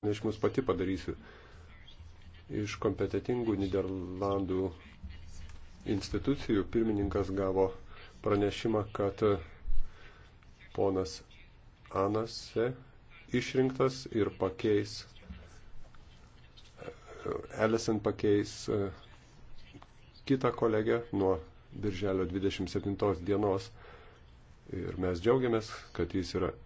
pranešimus pati padarysiu. Iš kompetitingų Niderlandų institucijų pirmininkas gavo pranešimą, kad ponas Anase išrinktas ir pakeis, Ellison pakeis e, kitą kolegę nuo birželio 27 dienos. Ir mes džiaugiamės, kad jis yra